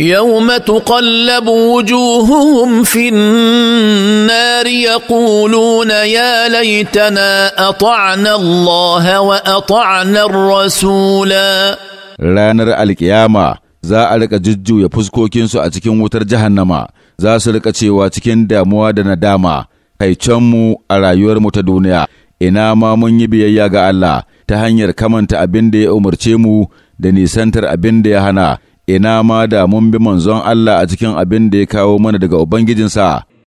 يوم تقلب وجوههم في النار يقولون يا ليتنا اطعنا الله واطعنا الرسولا ranar alkiyama za a rika jujjuya fuskokinsu a cikin wutar jahannama za su rika cewa cikin damuwa da nadama kai mu a rayuwarmu ta duniya ina ma mun yi biyayya ga Allah ta hanyar kamanta abin da ya umarce mu da nisantar abin da ya hana ina ma da mun bi manzon Allah a cikin abin da ya kawo mana daga Ubangijinsa.